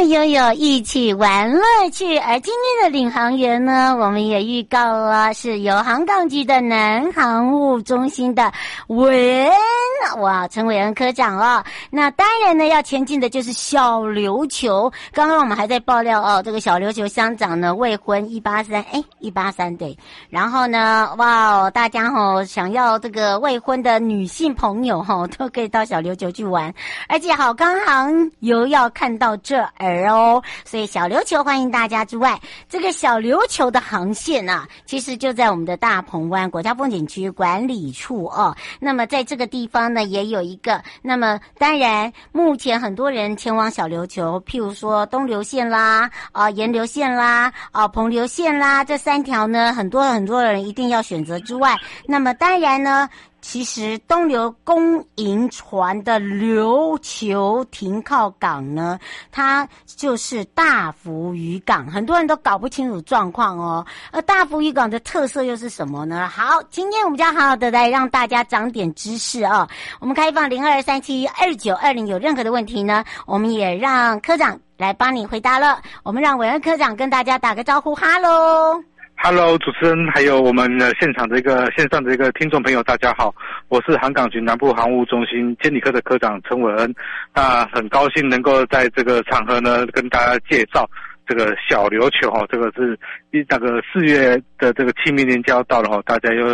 YOYO 一起玩樂趣，而今天的領航員呢，我們也預告了，是由航港局的南航務中心的文哇陳緯恩科長哦。那當然呢，要前進的就是小琉球。剛剛我們還在爆料哦，這個小琉球鄉長呢未婚一八三哎一八三對。然後呢哇、哦、大家哈、哦、想要這個未婚的女性朋友哈、哦、都可以到小琉球去玩，而且好剛好又要看到這哎。哦，所以小琉球歡迎大家之外，這個小琉球的航線啊，其實就在我們的大鵬灣國家風景區管理處哦、啊。那麼在這個地方呢，也有一個。那麼當然，目前很多人前往小琉球，譬如說東琉線啦、啊鹽琉線啦、啊鵬琉線啦，這三條呢，很多很多人一定要選擇之外，那麼當然呢。其實東流公營船的琉球停靠港呢，它就是大福漁港，很多人都搞不清楚狀況哦。而大福漁港的特色又是什麼呢？好，今天我們就要好好的來讓大家長點知識哦、啊。我們開放零二三七二九二零，有任何的問題呢，我們也讓科長來幫你回答了。我們讓緯恩科長跟大家打個招呼，哈嘍。哈嘍，Hello, 主持人，還有我們的現場的一個線上的一個聽眾朋友，大家好，我是航港局南部航務中心監理科的科長陳緯恩。那、呃、很高興能夠在這個場合呢，跟大家介紹這個小琉球。哦，這個是一那個四月的這個清明節就要到了、哦，哈，大家又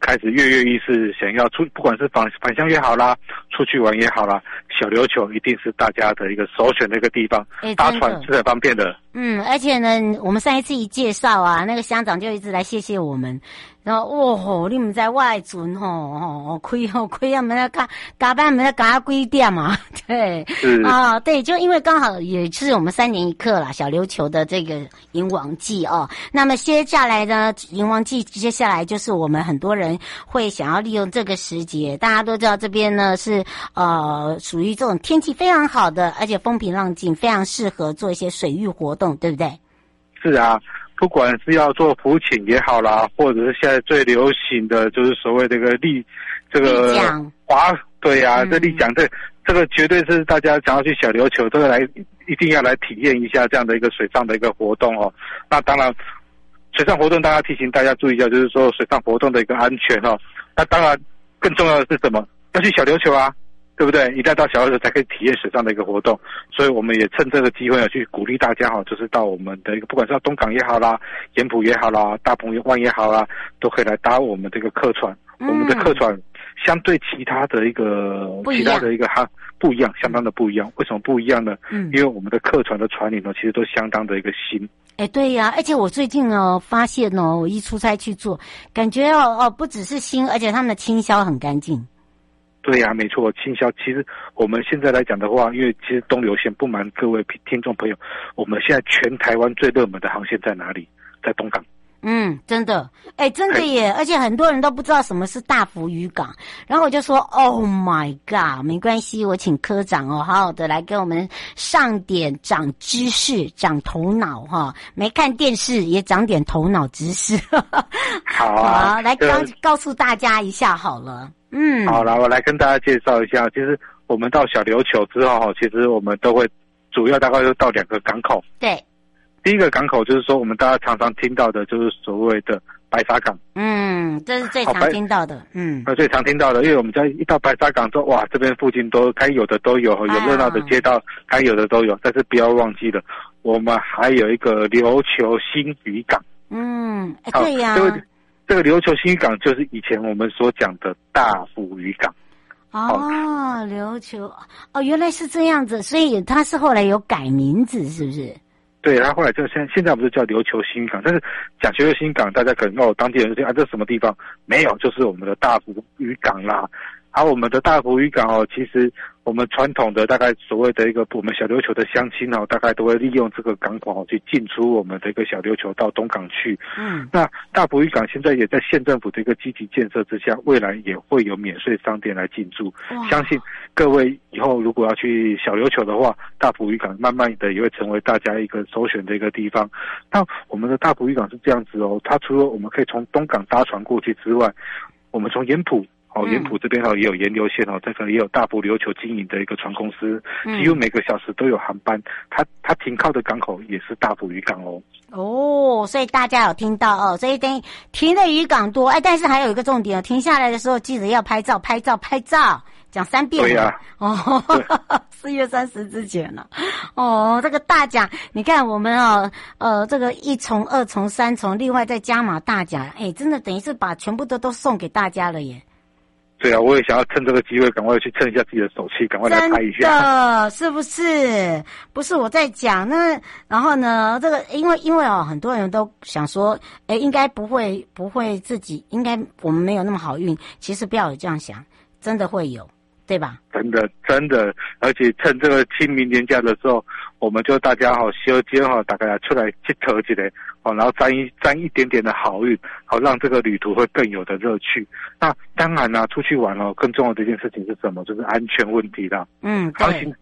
開始躍躍欲試，想要出，不管是返返鄉也好啦，出去玩也好啦，小琉球一定是大家的一個首選的一個地方。搭船是很方便的。欸嗯，而且呢，我們上一次一介紹啊，那個鄉長就一直來謝謝我們。然後哇、哦，你們在外村哦，虧哦，虧啊，沒在幹嘎班，沒在幹龜店嘛，對，啊、嗯哦、對，就因為剛好也是我們三年一科啦，小琉球的這個迎王祭哦。那麼接下來呢，迎王祭接下來就是我們很多人會想要利用這個時節。大家都知道這邊呢是呃屬於這種天氣非常好的，而且風平浪靜，非常適合做一些水域活動。對不對？是啊，不管是要做浮潛也好啦，或者是現在最流行的就是所謂這個立這個滑，對呀、啊，嗯、這立槳這這個絕對是大家想要去小琉球，都要來一定要來體驗一下這樣的一個水上的一個活動哦。那當然，水上活動大家提醒大家注意一下，就是說水上活動的一個安全哦。那當然，更重要的是什麼？要去小琉球啊！對不對？一旦到小孩的時候才可以體驗水上的一個活動，所以我們也趁這個機會去鼓勵大家哈，就是到我們的一個，不管是到東港也好啦，鹽埔也好啦，大鵬灣也,也好啦，都可以來搭我們這個客船。嗯、我們的客船相對其他的一個，一其他的一個哈不一樣，相當的不一樣。嗯、為什麼不一樣呢？嗯，因為我們的客船的船裡呢，其實都相當的一個新。哎，對呀、啊，而且我最近呢、哦，發現呢、哦，我一出差去做，感覺哦哦不只是新，而且他們的清消很乾淨。對呀、啊，沒錯，青霄。其實我們現在來講的話，因為其實東琉線，不瞞各位聽眾朋友，我們現在全台灣最熱門的航線在哪裡？在東港。嗯，真的，哎、欸，真的耶！嘿而且很多人都不知道什麼是大福漁港。然後我就說：“Oh my god！” 沒關係，我請科長哦，好好的來給我們上點長知識、長頭腦哈、哦。沒看電視也長點頭腦知識。好，來、呃、告告訴大家一下好了。嗯，好了，我來跟大家介紹一下。其實我們到小琉球之後，其實我們都會主要大概就到兩個港口。對，第一個港口就是說我們大家常常聽到的，就是所謂的白沙港。嗯，這是最常聽到的。好嗯，那最常聽到的，因為我們在一到白沙港之後，哇，這邊附近都該有的都有，有熱鬧的街道，該有的都有。哎、呀但是不要忘記了，我們還有一個琉球新漁港。嗯，欸啊、對呀。這個琉球新港就是以前我們所講的大福漁港，哦，哦琉球哦，原來是這樣子，所以它是後來有改名字，是不是？對、啊，它後來就現在現在我們就叫琉球新港，但是講琉球新港，大家可能哦當地人就說啊，這是什麼地方？沒有，就是我們的大福漁港啦。好、啊，我們的大福漁港哦，其實。我們傳統的大概所謂的一個我們小琉球的鄉親哦，大概都會利用這個港口去進出我們的一個小琉球到東港去。嗯，那大埔漁港現在也在縣政府的一個積極建設之下，未來也會有免稅商店來進駐。哦、相信各位以後如果要去小琉球的話，大埔漁港慢慢的也會成為大家一個首選的一個地方。那我們的大埔漁港是這樣子哦，它除了我們可以從東港搭船過去之外，我們從鹽埔。哦，鹽埔這邊哈也有鹽琉線哦，嗯、這個也有大福琉球經營的一個船公司，嗯、幾乎每個小時都有航班。它它停靠的港口也是大福漁港哦。哦，所以大家有聽到哦，所以等於停的漁港多哎。但是還有一個重點哦，停下來的時候記得要拍照，拍照，拍照，講三遍。對呀、啊。哦，四對月三十之前呢、哦。哦，這個大獎，你看我們哦，呃，這個一重、二重、三重，另外再加碼大獎，哎，真的等於是把全部都都送給大家了耶。對啊，我也想要趁這個機會，趕快去蹭一下自己的手氣，趕快來拍一下。真的，是不是？不是我在講呢，然後呢，這個因為因為哦，很多人都想說，哎，應該不會不會自己，應該我們沒有那麼好運。其實不要有這樣想，真的會有。對吧？真的，真的，而且趁這個清明年假的時候，我們就大家哈、哦，休假哈、哦，大家出來去頭一下，哦，然後沾一沾一點點的好運，好、哦、讓這個旅途會更有的樂趣。那當然啦、啊，出去玩哦，更重要的一件事情是什麼？就是安全問題啦。嗯，航行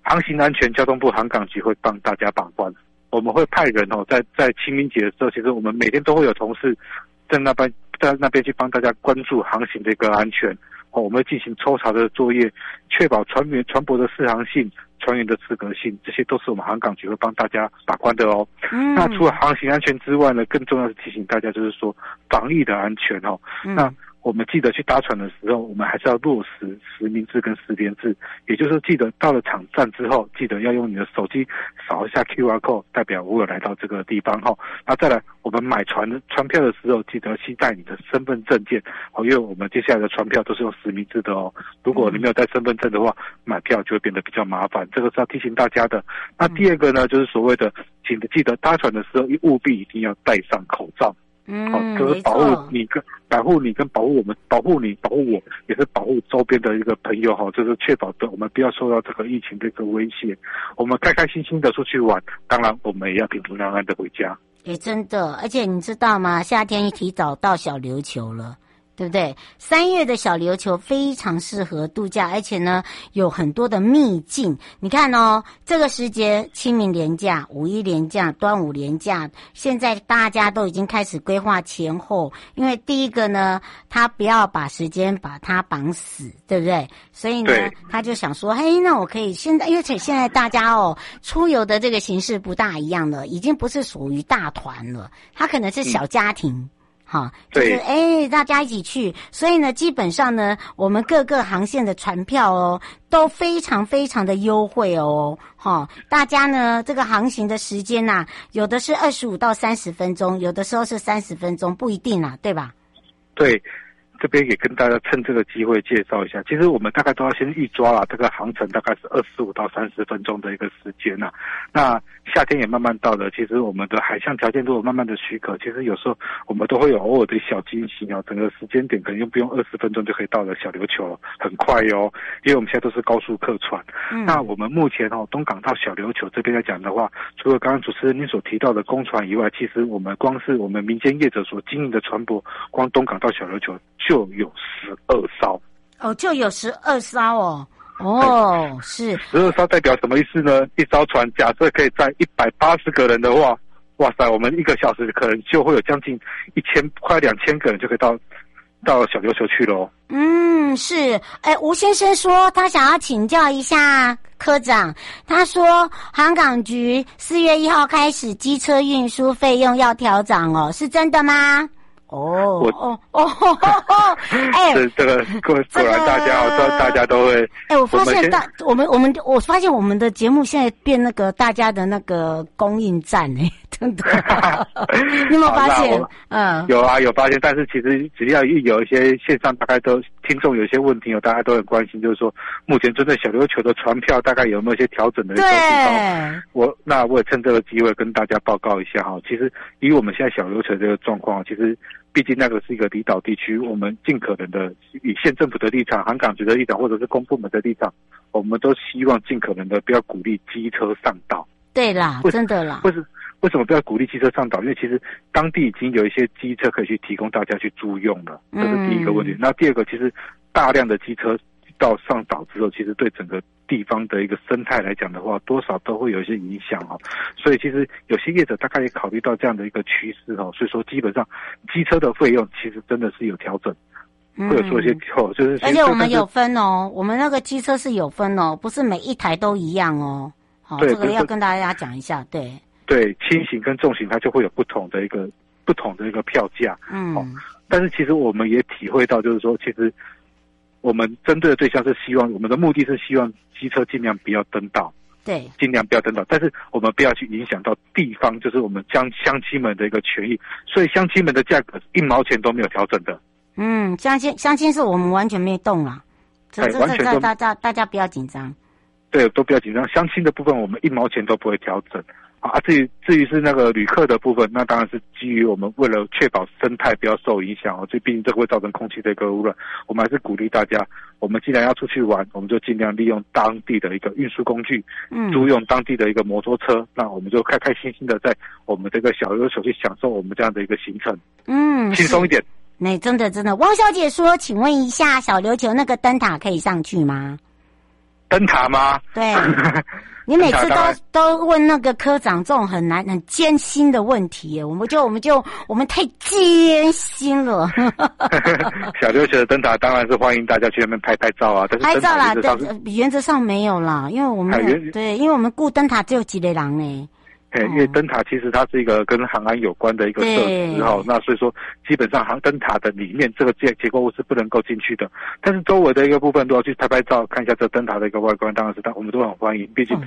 航行安全，交通部航港局會幫大家把關。我們會派人哦，在在清明節的時候，其實我們每天都會有同事在那邊在那邊去幫大家關注航行的一個安全。哦，我們要進行抽查的作業，確保船員船舶的適航性、船員的資格性，這些都是我們航港局會幫大家把關的哦。嗯、那除了航行安全之外呢，更重要的是提醒大家，就是說防疫的安全哦。嗯、那。我們記得去搭船的時候，我們還是要落實實名制跟實聯制，也就是記得到了場站之後，記得要用你的手機掃一下 QR code，代表我有來到這個地方哈、哦。那再來，我們買船的船票的時候，記得攜帶你的身份證件、哦、因為我們接下來的船票都是用實名制的哦。如果你沒有帶身份證的話，嗯、買票就會變得比較麻煩，這個是要提醒大家的。那第二個呢，嗯、就是所謂的，請記得搭船的時候，務必一定要戴上口罩。嗯，好，就是保護你跟保護錯你跟保護我們，保護你保護我，也是保護周邊的一個朋友，好，就是確保的，我們不要受到這個疫情的一個威脅。我們開開心心的出去玩，當然我們也要平平安安的回家。也真的，而且你知道嗎？夏天一提早到小琉球了。對不對？三月的小琉球非常適合度假，而且呢，有很多的秘境。你看哦，這個時節清明連假、五一連假、端午連假，現在大家都已經開始規劃前後，因為第一個呢，他不要把時間把它綁死，對不對？所以呢，對他就想說，嘿，那我可以現在，而且現在大家哦，出遊的這個形式不大一樣了，已經不是屬於大團了，他可能是小家庭。嗯好，就是哎對，大家一起去，所以呢，基本上呢，我們各個航線的船票哦都非常非常的優惠哦，好、哦，大家呢這個航行的時間吶、啊，有的是二十五到三十分鐘，有的時候是三十分鐘，不一定啦、啊，對吧？對。這邊也跟大家趁這個機會介紹一下，其實我們大概都要先預抓了，這個航程大概是二十五到三十分鐘的一個時間吶、啊。那夏天也慢慢到了，其實我們的海象條件都有慢慢的許可，其實有時候我們都會有偶爾的小驚喜哦。整個時間點可能又不用二十分鐘就可以到了小琉球了，很快喲、哦。因為我們現在都是高速客船。嗯。那我們目前哦，東港到小琉球這邊來講的話，除了剛剛主持人您所提到的公船以外，其實我們光是我們民間業者所經營的船舶，光東港到小琉球。就有十二艘哦，就有十二艘哦，哦，對是十二艘代表什麼意思呢？一艘船假設可以載一百八十個人的話，哇塞，我們一個小時可能就會有將近一千、快兩千個人就可以到到小琉球去了、哦。嗯，是。哎，吳先生說他想要請教一下科長，他說，航港局四月一號開始機車運輸費用要調漲哦，是真的嗎？哦哦哦！哎，這個果然大家都，說、這個、大家都會。哎、欸，我發現大我們，我們，我，們我們，我發現我們的節目現在變那個大家的那個供應站哎、欸。哈 好有，有發現？嗯，有啊，有發現。但是其實，只要一有一些線上，大概都聽眾有一些問題，哦，大家都很關心，就是說，目前針對小琉球的船票，大概有沒有一些調整的地方？對。我那我也趁這個機會跟大家報告一下哈。其實，以我們現在小琉球這個狀況，其實畢竟那個是一個離島地區，我們盡可能的以縣政府的立場、航港局的立場，或者是公部門的立場，我們都希望盡可能的不要鼓勵機車上島。對啦，真的啦。或為、為、為什麼不要鼓勵機車上島？因為其實當地已經有一些機車可以去提供大家去租用了，嗯、這是第一個問題。那第二個，其實大量的機車到上島之後，其實對整個地方的一個生態來講的話，多少都會有一些影響哦。所以其實有些業者大概也考慮到這樣的一個趨勢、哦、所以說基本上機車的費用其實真的是有調整，嗯、會有做一些調、哦。就是而且我們有分哦，我們那個機車是有分哦，不是每一台都一樣哦。哦、對，這個要跟大家講一下。對，對，輕型跟重型它就會有不同的一個、嗯、不同的一個票價。哦、嗯，但是其實我們也體會到，就是說，其實我們針對的對象是希望，我們的目的是希望機車盡量不要登島，對，盡量不要登島。但是我們不要去影響到地方，就是我們鄉鄉親們的一個權益。所以鄉親們的價格一毛錢都沒有調整的。嗯，鄉親鄉親是我們完全沒動了，對就這這這大家大家不要緊張。對，都比較緊張。鄉親的部分，我們一毛錢都不會調整。啊，至於至於是那個旅客的部分，那當然是基於我們為了確保生態不要受影響啊。這畢竟這會造成空氣的一個污染，我們還是鼓勵大家，我們既然要出去玩，我們就盡量利用當地的一個運輸工具，嗯，租用當地的一個摩托車，那我們就開開心心的在我們這個小琉球去享受我們這樣的一個行程，嗯，輕鬆一點。那真的真的，汪小姐說，請問一下，小琉球那個燈塔可以上去嗎？燈塔嗎？對，你每次都都問那個科長這種很難、很艱辛的問題耶，我們就我們就我們太艱辛了。 小琉球的燈塔當然是歡迎大家去那邊拍拍照啊，但是燈塔拍照啦。原則上，原則上沒有啦，因為我們、啊、對，因為我們顧燈塔只有幾類人呢。哎，嗯、因為燈塔其實它是一個跟航安有關的一個設施哈，對那所以說基本上航燈塔的裡面這個結結構物是不能夠進去的，但是周圍的一個部分都要去拍拍照，看一下這燈塔的一個外觀，當然是我們都很歡迎。畢竟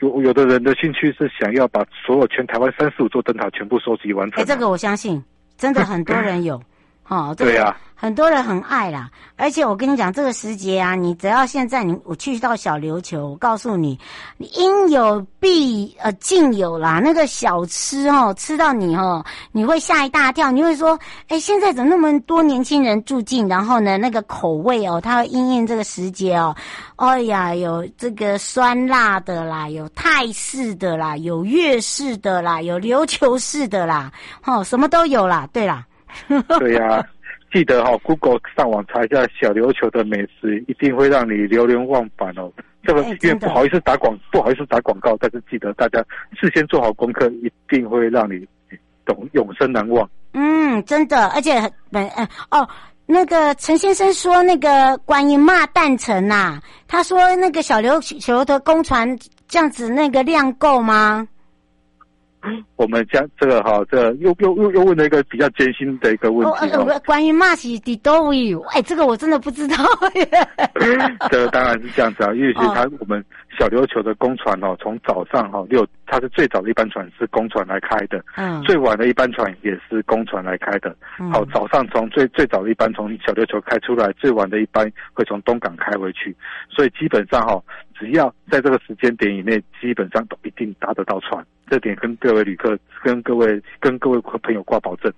有有的人的興趣是想要把所有全台灣三十五座燈塔全部收集完成。哎、欸，這個我相信，真的很多人有。 哦，這個、對呀、啊，很多人很愛啦。而且我跟你講，這個時節啊，你只要現在你我去到小琉球，我告訴你，你應有必呃盡有啦。那個小吃哦，吃到你哦，你會嚇一大跳。你會說，哎，現在怎麼那麼多年輕人住進，然後呢，那個口味哦，它會因應這個時節哦，哎、哦、呀，有這個酸辣的啦，有泰式的啦，有粵式的啦，有琉球式的啦，哦，什麼都有啦。對啦。 對呀、啊，記得哈、哦、，Google 上網查一下小琉球的美食，一定會讓你流連忘返哦。這個因為不好意思打廣，不好意思打廣告，但是記得大家事先做好功課，一定會讓你懂永生難忘。嗯，真的，而且嗯、呃，哦，那個陳先生說那個關於罵蛋城吶，他說那個小琉球的公船這樣子那個量夠嗎？ 我們將這個哈、啊，這又又又又問了一個比較艱辛的一個問題。關於馬西的島嶼，哎，這個我真的不知道。這當然是這樣子啊，因其為是他我們小琉球的公船哦，從早上哈、啊、六，它是最早的一班船是公船來開的，嗯，最晚的一班船也是公船來開的。好，早上從最最早的一班從小琉球開出來，最晚的一班會從東港開回去，所以基本上哈、啊。只要在這個時間點以內，基本上都一定搭得到船，這點跟各位旅客、跟各位、跟各位朋友掛保證。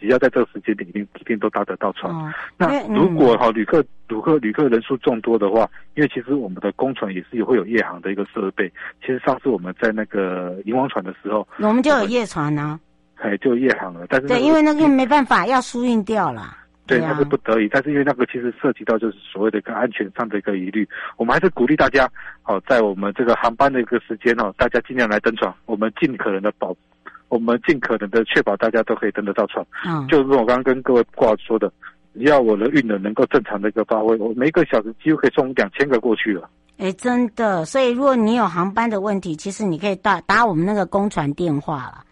只要在這個時間點一定一定都搭得到船。哦、那如果哈旅客、嗯、旅客、旅客人數眾多的話，因為其實我們的公船也是有會有夜航的一個設備。其實上次我們在那個迎王船的時候，我們就有夜船呢、啊嗯，哎，就有夜航了。但是、那個、對，因為那個沒辦法，要疏運掉了。對，他是不得已，但是因為那個其實涉及到就是所謂的一個安全上的一個疑慮，我們還是鼓勵大家哦，在我們這個航班的一個時間哦，大家盡量來登船，我們盡可能的保，我們盡可能的確保大家都可以登得到船。嗯，就是我剛剛跟各位掛說的，只要我的運能能夠正常的一個發揮，我每個小時幾乎可以送兩千個過去了。哎，真的，所以如果你有航班的問題，其實你可以打打我們那個公船電話了。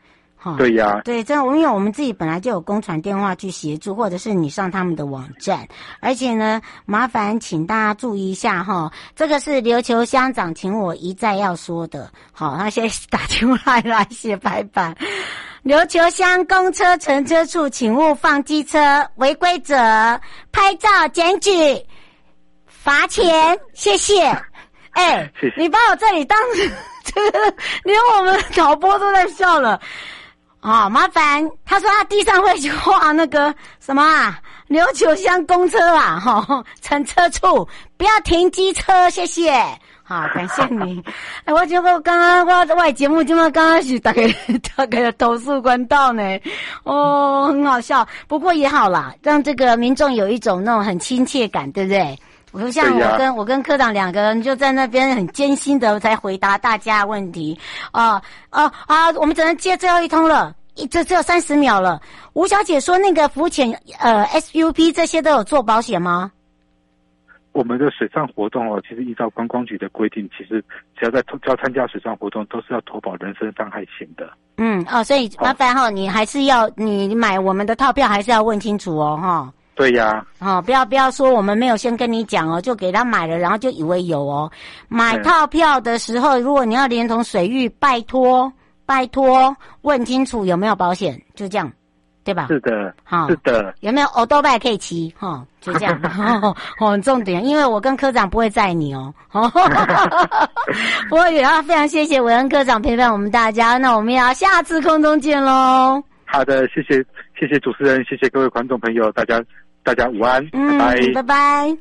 哦、對呀、啊，對，這樣我因為我們自己本來就有公傳電話去協助，或者是你上他們的網站。而且呢，麻煩請大家注意一下哈、哦，這個是琉球鄉長請我一再要說的。好、哦，他先打電話來，來寫白板。琉球鄉公車乘車處，請勿放機車，違規者拍照檢舉，罰錢。謝謝。哎，謝謝你把我這裡當， 連我們導播都在笑了。好、哦、麻煩，他說他地上會去畫那個什麼、啊、琉球鄉公車啊，哈、哦，乘車處不要停機車，謝謝。好、哦，感謝你。 哎，我覺得我剛剛我外節目在剛剛是，今天剛開始大打大了投訴管道呢，哦，很好笑，不過也好啦，讓這個民眾有一種那種很親切感，對不對？不像我跟呀我跟科長兩個人就在那邊很艱辛的在回答大家的問題，哦哦啊，啊！我們只能接最後一通了，就只有三十秒了。吳小姐說，那個浮潛呃 SUP 這些都有做保險嗎？我們的水上活動哦，其實依照觀光局的規定，其實只要在只要參加水上活動，都是要投保人身傷害險的。嗯哦，所以麻煩哈、哦，好你還是要你買我們的套票，還是要問清楚哦哈。哦對呀、啊，哦，不要不要說我們沒有先跟你講哦，就給他買了，然後就以為有哦。買套票的時候，嗯、如果你要連同水域，拜托拜托，問清楚有沒有保險，就這樣，對吧？是的，好，是的，哦、是的有沒有哦？歐多拜可以騎，哈、哦，就這樣。哦 哦，很重點，因為我跟科長不會載你哦，不 過 也要非常謝謝緯恩科長陪伴我們大家，那我們要下次空中見嘍。好的，謝謝謝謝主持人，謝謝各位觀眾朋友，大家。大家午安，嗯、拜拜，拜拜。